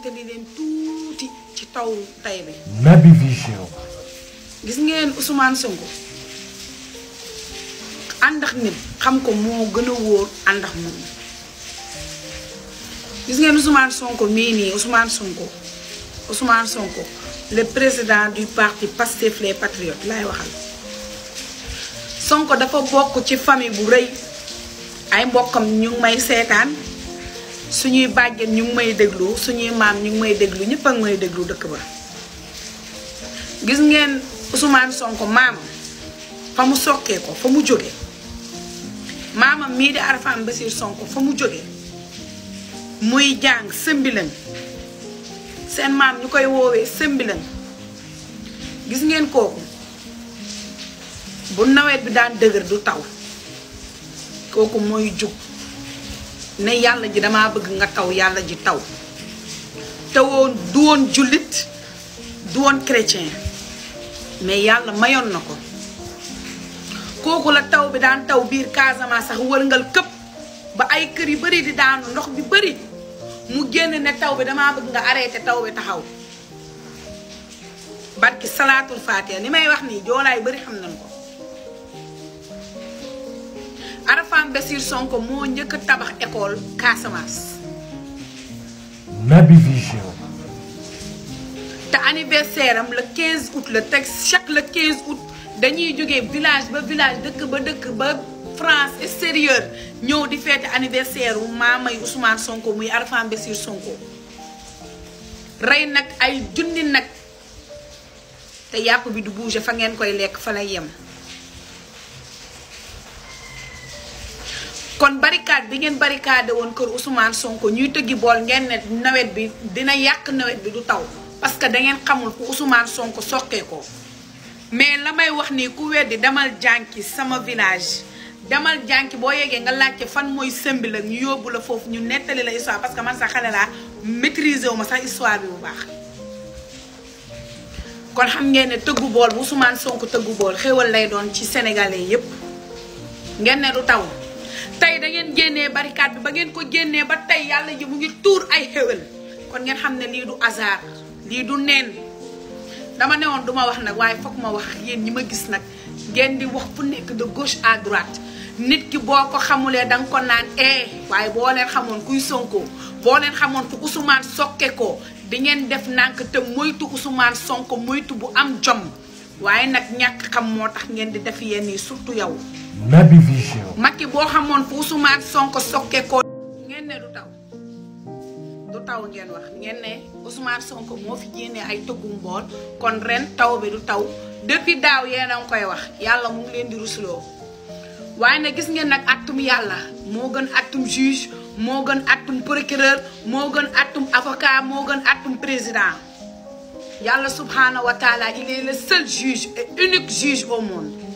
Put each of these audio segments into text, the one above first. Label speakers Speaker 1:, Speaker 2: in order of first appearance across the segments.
Speaker 1: tëddi leen tuuti ci taw tay
Speaker 2: Nabi Vision.
Speaker 1: gis ngeen Ousmane Sonko àndax nit xam ko moo gën a wóor àndax gis ngeen Ousmane Sonko mii Ousmane Sonko Ousmane Sonko le président du parti Pastef les patriotes laay waxal Sonko dafa bokk ci famille bu rëy ay mbokkam ñu may seetaan. suñuy bàjjen ñu may may déglu suñuy maam ñu ngi may déglu ñëpp a may déglu dëkk ba gis ngeen Ousmane Sonko maamam fa mu sokkee ko fa mu jóge maamam mii di Arfan Basir Sonko fa mu jóge muy jàng sëmbilan seen maam ñu koy woowee sëmbilan gis ngeen kooku bu nawet bi daan dëgër du taw kooku mooy jug ne yàlla ji damaa bëgg nga taw yàlla ji taw te woon du woon jullit du woon chrétien mais yàlla mayoon na ko kooku la taw bi daan taw biir Casamance sax wërngal këpp ba ay kër yu bëri di daanu ndox bi bëri mu génn ne taw bi damaa bëgg nga arrêté taw bi taxaw barki salaatul faatiha ni may wax nii joolaay bëri xam nañ ko arafam Bassirou Sonko mo ñëk tabax école Casamance.
Speaker 2: nabi Vision.
Speaker 1: ta anniversaire am le 15 août le texte chaque le 15 août dañuy joggé village ba village dëkk ba dëkk ba France extérieur ñëw di fête anniversaire mamay Ousmane Sonko muy arafam Bassirou Sonko. Ray nak ay jundi nak te yap bi du bouger fa ngeen koy lek fa lay yem. kon barricade bi ngeen barricade woon kër Ousmane Sonko ñuy tëggi bool ngeen ne nawet bi dina yàq nawet bi du taw parce que da ngeen xamul ku Ousmane Sonko soqee ko mais la may wax nii ku weddi demal jànki sama village demal jànki boo yeggee nga laajte fan mooy sëmbi la ñu yóbbu la foofu ñu nettali la histoire parce que man sax xale laa maîtriser wu ma sax histoire bu baax. kon xam ngeen ne tëggu bool bu Ousmane Sonko tëggu bool xéwal lay doon ci sénégalais yépp ngeen ne du taw. tey da ngeen génnee barricade bi ba ngeen ko génnee ba tey yàlla ji mu ngi tuur ay xéwal kon ngeen xam ne lii du hasard lii du neen dama ne woon ma wax nag waaye foog ma wax yéen ñi ma gis nag ngeen di wax fu nekk de gauche à nit ki boo ko xamulee da nga ko naan eh waaye boo leen xamoon kuy Sonko boo leen xamoon fu Ousmane sokke ko di ngeen def nànk te moytu Ousmane Sonko moytu bu am jom waaye nag ñàkk xam moo tax ngeen di def yenn yi surtout yow.
Speaker 2: Naby Vision.
Speaker 1: Macky boo xamoon fu Ousmane Sonko sokke ko ngeen ne du taw du taw ngeen wax ngeen ne Ousmane Sonko moo fi génnee ay tëggu mbool kon ren taw bi du taw depuis daaw yéen koy wax yàlla mu ngi leen di rusloo waaye ne gis ngeen nag attum yàlla moo gën attum juge moo gën attum moo gën attum avocat moo gën attum président yàlla subhanahu wa taala il est le seul juge unique juge au monde.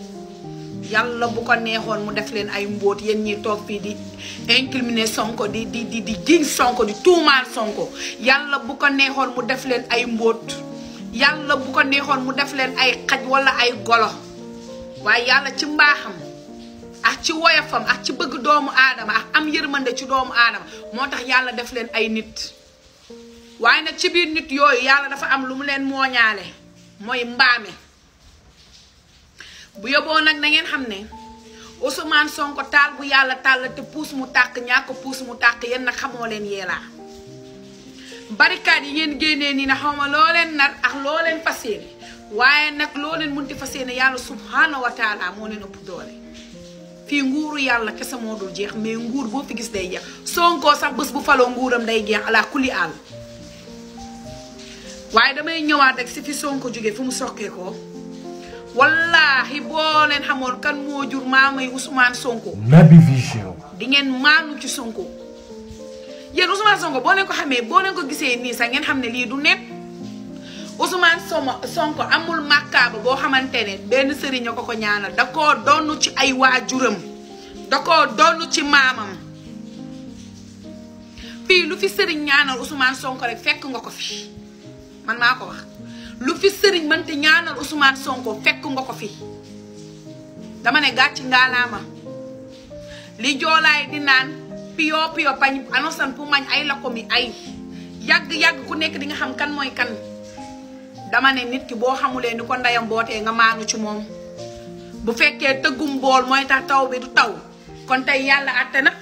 Speaker 1: yàlla bu ko neexoon mu def leen ay mbóot yéen ñi toog fii di incriminer Sonko di di di di jiñ Sonko di tuumaal Sonko yàlla bu ko neexoon mu def leen ay mbóot yàlla bu ko neexoon mu def leen ay xaj walla ay golo waaye yàlla ci mbaaxam ak ci woyofam ak ci bëgg doomu aadama ak am yërmande ci doomu aadama moo tax yàlla def leen ay nit waaye nag ci biir nit yooyu yàlla dafa am lu mu leen mooñaale mooy mbaame bu yóbboo nag na ngeen xam ne Ousmane sonk taal bu yàlla tàll te puus mu tàkk ñàkk puus mu tàkk yéen nag xamoo leen yeelaa barricade yi ngeen génnee nii na xaw ma loo leen nar ak loo leen fas yéene waaye nag loo leen munti fas yéene yàlla subhaana wa taala moo leen ëpp doole. fii nguuru yàlla kese moo dul jeex mais nguur boo fi gis day jeex Sonko sax bés bu faloo nguuram day jeex alaa kulli àll waaye damay ñëwaat rek si fi Sonko jóge fu mu soqee ko wallaahi boo leen xamoon kan moo jur maamay Ousmane Sonko. Naby Vision. di ngeen maanu ci Sonko yéen Ousmane Sonko boo leen ko xamee boo leen ko gisee nii sax ngeen xam ne lii du nekk Ousmane Soma Sonko amul màkkaaba boo xamante ne benn sëriñ a ko ko ñaanal da koo donn ci ay waajuram da koo donn ci maamam fii lu fi sëriñ ñaanal Ousmane Sonko rek fekk nga ko fi man maa ko wax. lu fi sëriñ mënti ñaanal Ousmane Sonko fekk nga ko fi dama ne gàcc ngaalaama li joolaay di naan piyo piyo pañ anosan pu mañ ay la ko mi ay yàgg-yàgg ku nekk di nga xam kan mooy kan dama ne nit ki boo xamulee ni ko ndeyam bootee nga maanu ci moom bu fekkee tëggum bool mooy tax taw bi du taw kon tey yàlla àtte na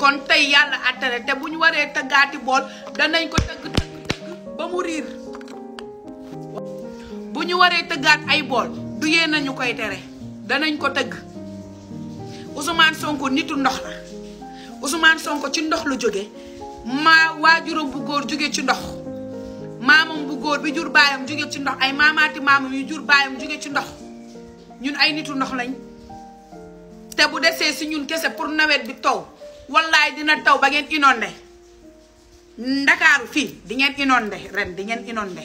Speaker 1: kon tey yàlla àtte na te bu ñu waree tëggaati bool danañ ko tëgg tëgg tëgg ba mu riir bu ñu waree tëggaat ay bol du yee nañu koy tere danañ ko tegg Ousmane Sonko nitu ndox la Ousmane Sonko ci ndox lu joggé ma waajuram bu goor joggé ci ndox mamam bu goor bi jur bayam joggé ci ndox ay mamati mamam yu jur bayam joggé ci ndox ñun ay nitu ndox lañ te bu déssé ci ñun kessé pour nawet bi taw wallahi dina taw ba ngeen inondé Ndakaaru fi di ngeen inondé ren di ngeen inondé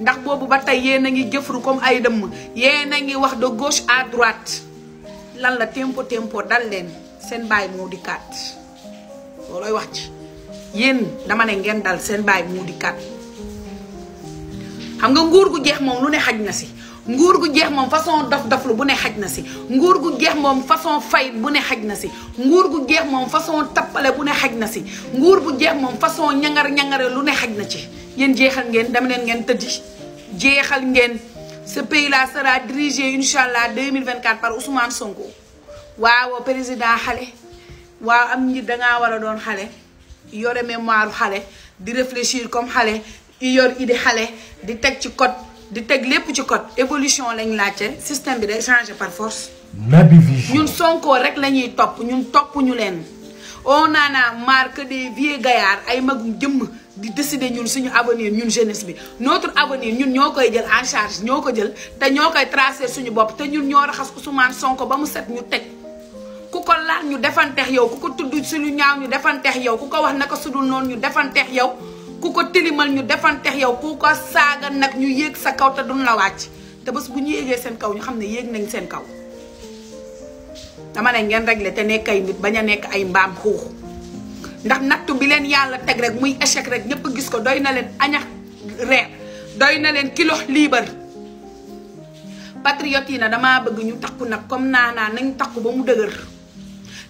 Speaker 1: ndax boobu ba tey yéen a ngi jëfru comme ay dëmm yéen na ngi wax de gauche à droite lan la tempo tempo dal leen seen baay moo di kaat loolooy wax ci yéen dama ne ngeen dal seen baay moo di kaat xam nga nguur gu jeex moom lu ne xaj na si nguur gu jeex moom façon dof dof bu ne xaj na si nguur gu jeex moom façon fay bu ne xaj na si nguur gu jeex moom façon tappale bu ne xaj na si nguur gu jeex moom façon ñangar ñangare lu ne xaj na ci yen jeexal ngeen ce pays là sera dirigé inshallah 2024 par Ousmane Sonko waaw président xale waaw am ñi a doon xale mémoire xale di réfléchir comme xale i yor idée xale di ci code di lépp ci code évolution lañ laajte système bi par force.
Speaker 2: Nous, Vision
Speaker 1: ñun Sonko rek top. ñun on en a marre que des vieux gaillards ay magum jëmm di décider ñun suñu avenir ñun jeunesse bi notre avenir ñun ñoo koy jël en charge ñoo ko jël te ñoo koy tracer suñu bopp te ñun ñoo raxas Ousmane Sonko ba mu set ñu teg ku ko laal ñu defanteex yow ku ko tudd si ñaaw ñu defanteex yow ku ko wax naka su dul noonu ñu defanteex yow ku ko tilimal ñu defanteex yow ku ko saaga nag ñu yéeg sa kaw te duñ la wàcc te bés bu ñu yéegee seen kaw ñu xam ne yéeg nañ seen kaw dama ne ngeen réglé te nekk ay nit bañ a nekk ay mbaam xuux ndax nattu bi leen yàlla teg rek muy échec rek ñëpp gis ko doy na leen añax reer doy na leen kilo liibar patriote yi na dama bëgg ñu takku nag comme naanaa nañ takku ba mu dëgër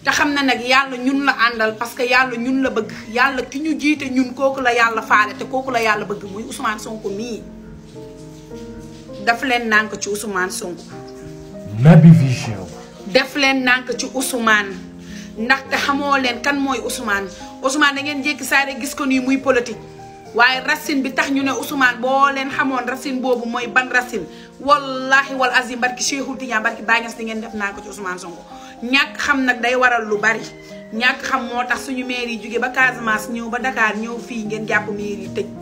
Speaker 1: te xam na nag yàlla ñun la àndal parce que yàlla ñun la bëgg yàlla ki ñu jiite ñun kooku la yàlla faale te kooku la yàlla bëgg muy Ousmane Sonko mii daf leen nànk ci Ousmane Sonko. def leen nànk ci Ousmane ndaxte xamoo leen kan mooy Ousmane Ousmane da ngeen jékki saa gis ko nii muy politique waaye racine bi tax ñu ne Ousmane boo leen xamoon racine boobu mooy ban racine wallahi wal azim barki Cheikhul Tidiane barki Bañas di ngeen def nànk ci Ousmane Sonko. ñàkk xam nag day waral lu bari ñàkk xam moo tax suñu maire yi jóge ba Casamance ñëw ba Dakar ñëw fii ngeen jàpp maire yi tëj.